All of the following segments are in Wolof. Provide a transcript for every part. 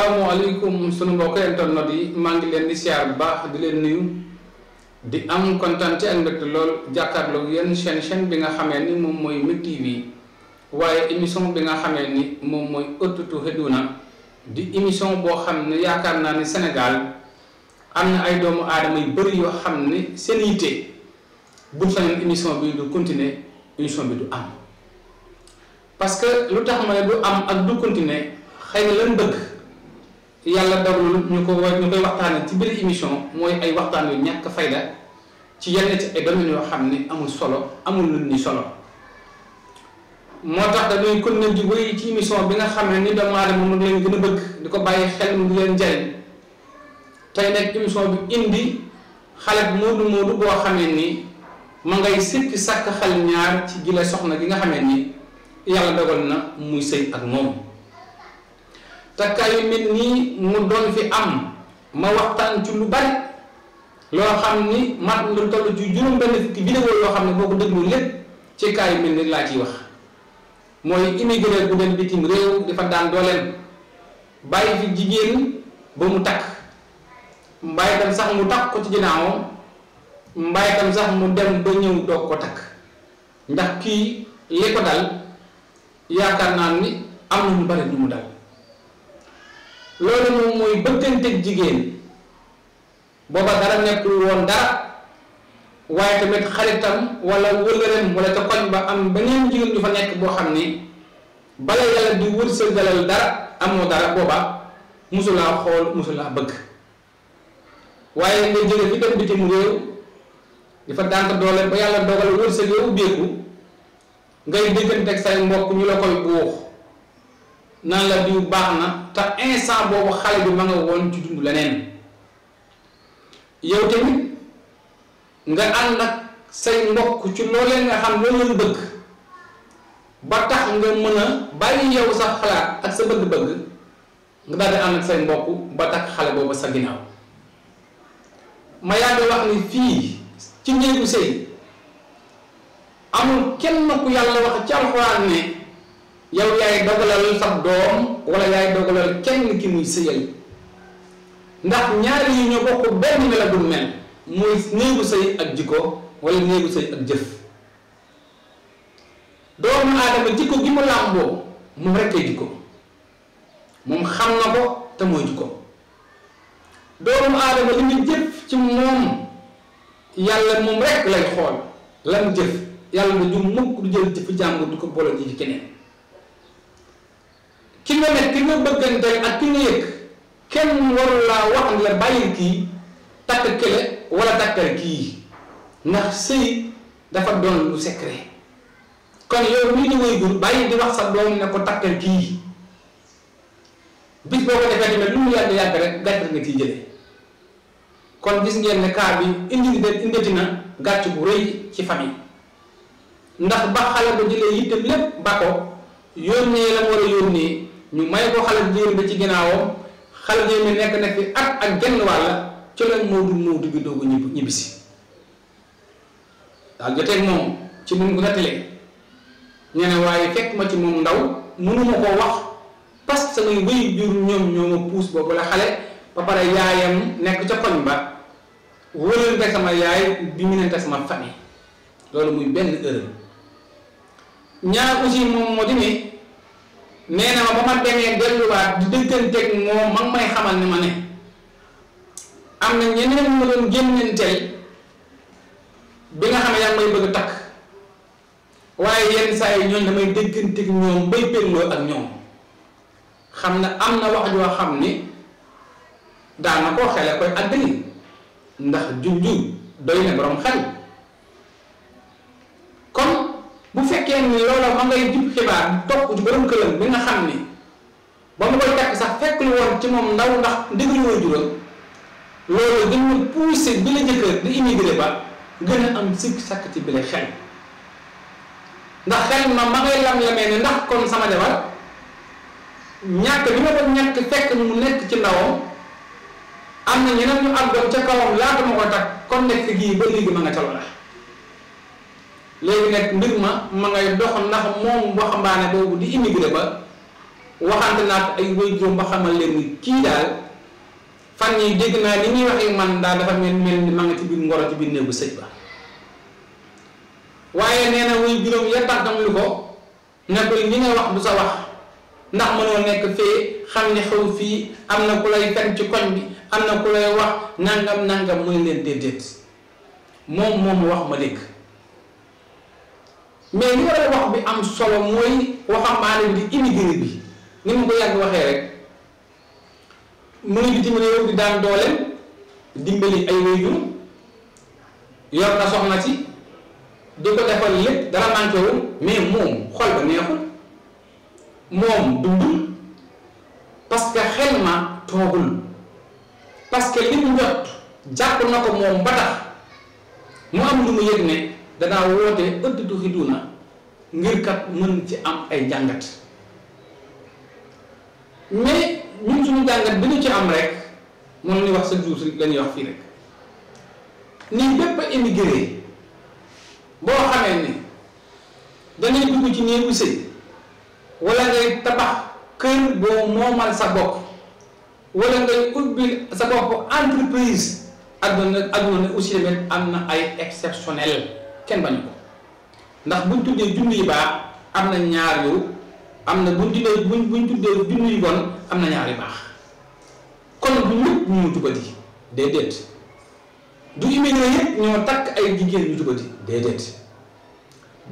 assalamualaikum sunu mbokk internet yi maa mangi len di siar bax di len nuyu di am kontante ak mbégte lool jàkkaarloog yeen chen chen bi nga xamé ni mom moy mi TV waye émission bi nga xamé ni mom moy Ëttu heduna di émission bo xamné ne yaakaar ni Sénégal amna ay doomu aadama yu bëri yo xamné ne seen yitte buñ sañoon émission bi du continuer émission bi du am parce que lutax tax ma du am ak du continuer xeyna lañ bëgg. yàlla dawlul ñu ko wa ñu ci biir émission mooy ay waxtaan yu ñàkk fayda ci yenn ci ay domaines yoo xam ne amul solo amul lu ni solo moo tax dañuy kon na di wéy ci émission bi nga xam ne ni doomu aadama moom gën a bëgg di ko bàyyi xel mu ngi leen jariñ tey nag émission bi indi xale moodu moodu boo xamee ni ma ngay sikki sàkk xel ñaar ci gile soxna gi nga xamee ni yàlla dogal na muy sëy ak moom takkaay yu mel nii mu doon fi am ma waxtaan ci lu bari loo xam ni mat lu toll ci juróom-benn fukki vidéo yoo xam ne boo ko déglu lépp ci kaay yu mel laa ciy wax mooy immigré bu dem bitim réew di fa daan dooleem bàyyi fi jigéen ba mu takk mbàyyi tam sax mu takk ko ci ginnaawam mbàyyi tam sax mu dem ba ñëw doog ko takk ndax kii li ko dal yaakaar naa ni am na lu bari du mu dal loolu moom mooy bëgganteeg jigéen booba dara nekkul woon dara waaye tamit xaritam walla wëllëreem wala ca koñ ba am beneen jigéen ñu fa nekk boo xam ni bala yàlla di wërsëg dalal dara amoo dara booba musulaa xool musulaa bëgg waaye nga jële fi dem bitim réew di fa dànk doole ba yàlla dogal wërsëg yow ubbeeku ngay dégganteeg say mbokk ñu la koy buux nan la diw baax na te instant boobu xale bi ma nga woon ci dund leneen yow tamit nga ànd ak say mbokk ci loolee nga xam loolu lañ bëgg ba tax nga mën a bàyyi yow sa xalaat ak sa bëgg-bëgg nga daal di ànd ak say mbokk ba tax xale boobu sa ginnaaw ma yàgg wax ni fii ci néegu sëy amul kenn ku yàlla wax ci alxuraan ne yow yaay dogalal sab doom wala yaay dogalal kenn ki muy sëyal ndax ñaari yi ñoo bokk benn mela du mel muy néegu sëy ak jikko wala néegu sëy ak jëf doomu aadama jikko gi mu làmboo moom rekkee jikko moom xam na ko te mooy jikko doomu aadama li mu jëf ci moom yàlla moom rek lay xool la jëf yàlla du mukk du jël jëfu jàmbur du ko boole ji ci keneen ki nga ne ki nga bëggante ak ki nga yëg kenn waru laa wax ni la bàyyil kii takk kële wala takkal kii ndax sëy dafa doon lu secret kon yow mii di wëygul bàyyi di wax sa doom ne ko takkal kii bis boo ko defee tamit lu mu yàgg yàgg rek gàcc nga ciy jëlee kon gis ngeen ne cas bi indi indati na gàcc bu rëy ci famille ndax ba xale ba jëlee yittam lépp ba ko yónnee la war a yónnee ñu may ko xale jigéen bi ci ginnaawam xale jigéen bi nekk nekk fi at ak genn wàll ci lañ Moodu Moodu moom ci mun ko nettalee nee na fekk ma ci moom ndaw mënuma koo wax parce que samay wéy jur ñoom ñoo ma puus boobu la xale ba pare yaayam nekk ca koñ ba wóolante sama yaay bi mu nente sama famille loolu muy benn erreur ñaar aussi moom moo di nee na ma ba ma demee delluwaat di dëgganteeg moom ma ngi may xamal ni ma ne am na ñeneen ma doon génnanteel bi nga xam yaa may bëgg takk waaye yenn saa yi ñooñ damay dëgganteeg ñoom bay pénloo ak ñoom xam na am na wax joo xam ni daana koo xele koy àddali ndax junju doy na borom xel xibaar topp ci borom këram bi nga xam ni ba mu koy takk sax fekk lu woon ci moom ndaw ndax ndigal woon jural loolu gën ñu poussé bi la jëkkër di immigré ba gën a am sikk sàkk ci bile xel ndax xel ma ma ngay lam lamee ne ndax kon sama jabar ñàkk bi ma ko ñàkk fekk mu nekk ci ndawam am na ñeneen ñu àggoon ca kawam laata ma ko takk kon nekk gii ba léegi ma nga ca loola léegi nag mbir ma ma ngay dox ndax moom waxambaane boobu di immigré ba waxante naat ay way wëjjum ba xamal leen ni kii daal fan yi dégg naa li muy waxee man daal dafa mel mel ni ma nga ci biir ngoro ci biir néegu sëy ba waaye nee na wuy juróom ya tànkam lu ko ne ko li nga wax du sa wax ndax mënoo nekk fee xam ne xaw fii am na ku lay fen ci koñ bi am na ku lay wax nangam nangam mooy leen déedéet moom moom wax ma dégg mais li war a wax bi am solo mooy waxambaane bi di immigré bi ni mu ko yàgg waxee rek mu ngi bitim réew di daan dooleem dimbali ay wéyjur yor na soxna ci di ko defal lépp dara manqué mais moom xol ba neexul moom dundul parce que xel ma toogul parce que li mu jàpp na ko moom ba tax mu am lu mu yëg ne dana wote ëtt du xiduna ngir kat mën ci am ay jangat mais ñun suñu jangat bi ñu ci am rek moom ni wax sa juus rek lañuy wax fi rek ni bëpp immigré bo xamé ni dañuy dugg ci néegu sey wala ngay tabax kër bo momal sa bopp wala ngay ubbi sa bopp entreprise aduna aduna aussi même amna ay exceptionnel kenn bañu ko ndax buñ tuddee junni yu baax am na ñaar yu am na buñ tuddee buñ buñ tuddee junni yu bon am na ñaar yu baax kon bu ñëpp ñu jubati déedéet du immigré yëpp ñoo takk ay jigéen ñu jubati déedéet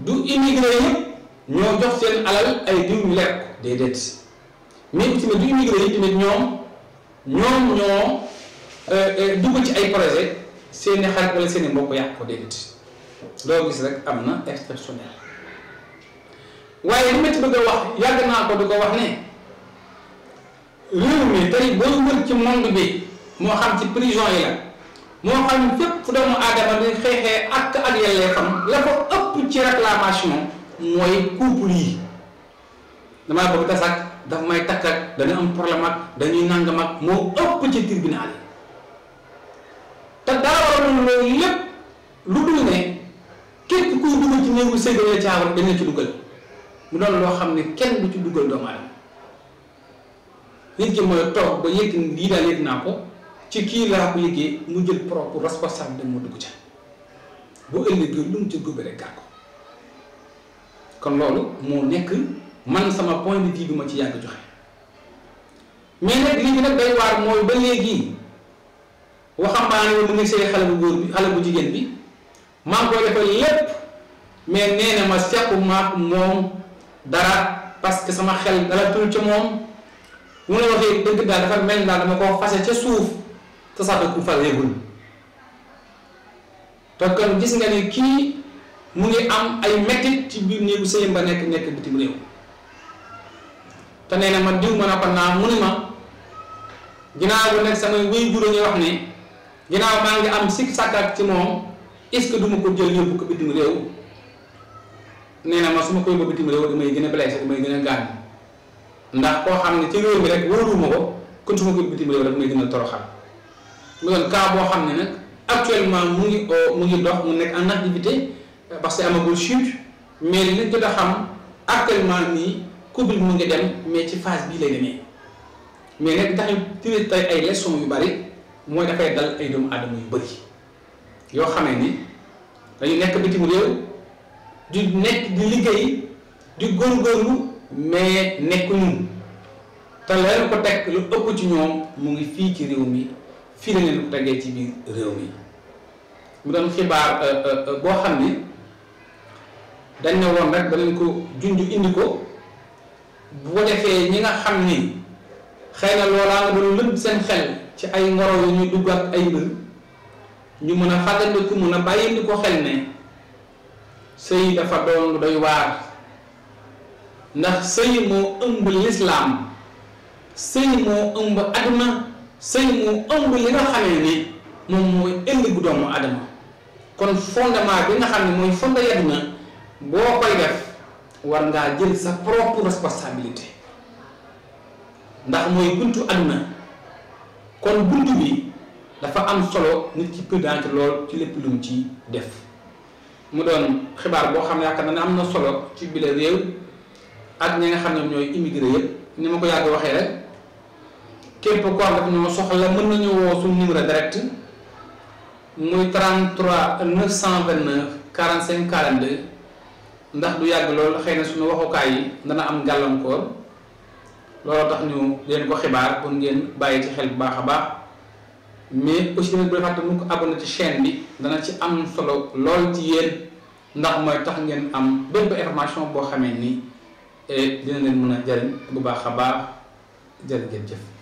du immigré ñoo jox seen alal ay diw ñu lekk déedéet mais tamit du immigré yi tamit ñoom ñoom ñoo euh, euh, dugg ci ay projet seeni xarit wala seeni mbokk yàq ko déedéet loo gis rek am na exceptionnel waaye li ma ci bëgg wax yàgg naa ko di wax ne réew mi tey boo wër ci monde bi moo xam ci prison yi la moo xam fépp fu doomu aadama bi xeexee ak ak yellee xam la ko ëpp ci réclamation mooy couple yi damaa bëgg tas ak daf may takk ak dañu am problème ak dañuy nangam ak moo ëpp ci tribunal yi te daa waroon loolu lu dul ne koy dugal ci néegu sëy dañu caaw dañu ci dugal mu doon loo xam ne kenn du ci dugal doomu aadama nit ki mooy toog ba yëg lii daal yëg naa ko ci kii laa ko yëgee mu jël propre responsable dem moo dugg ca bu ëllëgee lu mu ci gubbe rek gàkko kon loolu moo nekk man sama point de vue bi ma ci yàgg joxe mais nag lii nag day waar mooy ba léegi waxambaane mu ngi sëy xale bu góor bi xale bu jigéen bi maa ngi defal lépp mais nee na ma sequ maak moom dara parce que sama xel dalatul ci moom mu ma la waxee dëgg dafa mel dal dama koo ci souf ta sa ko ku faseegul to kon gis nga ni ki mu ngi am ay metti ci bir néegu sëyam ba nekk nek bitim réew te nee na diw ma ne ko naa mu ni ma ginnaaw bu nekk samay wéy ñu wax ne ginnaaw ma nga am sik sakat ci mom est ce que duma ko jël yobbu ko bitim rew nee ma suma koy bëgg bitim rew damay gën blessé damay gën a ndax ko xamni ci rew mi rek wóoruma ko kon su ma koy bitim réew rek may gën a toroxal mu doon ka bo xamni nak actuellement mu ngi euh, mu ngi dox mu nek en activité euh, parce que amagul chute mais li ñu jot xam actuellement nii Covid mu ngi dem mais ci phase bi lay demee mais nag tax ñu tiré tey ay leçon yu bari moy da fay dal ay doom adam yu bari yo xamé ni dañu nek bitim rew di nek di liggéey di gor gorlu mais nekku nekkuñu ta leer ko tek lu ëpp ci ñoom mu ngi fi ci réew mi fi la leen ko tegee ci biir réew mi mu doon xibaar euh, euh, euh, boo xam ni dañ ne woon rek danañ ko junj indi ko bu ko defee ñi nga xam ni xëy na loolaa nga doon lëb seen xel ci ay ngoro yu ñuy dugg ak ay mbir ñu mën a fàggandiku mën a bàyyindi ko xel ne sëy dafa doon lu doy waar ndax sëy moo ëmb lislaam sëy moo ëmb adama sëy moo ëmb li nga xamee ni moom mooy indi gu doomu adama kon fondement bi nga xam ne mooy fonda yaduna boo koy def war ngaa jël sa propre responsabilité ndax mooy buntu aduna kon buntu bi dafa am solo nit ci prudent lool ci lépp lu ci def mu doon xibaar boo xam ne yaakaar ne am na solo ci bile réew ak ñi nga xam ne ñooy immigré yëpp ni ma ko yàgg waxee rek képp koo xam ne ñoo soxla mën nañu woo suñu numéro direct muy 33 929 45 42 ndax du yàgg lool xëy na suñu waxukaay yi dana am gàllankoor looloo tax ñu leen ko xibaar pour ngeen bàyyi ci xel baax a baax. mais aussi tamit bu ñu fàtte mu ko abonné ci chaîne bi dana ci am solo lool ci yéen ndax mooy tax ngeen am bépp information boo xamee ni eh, dina leen mën a jëriñ bu baax a baax jërë ngeen jëf.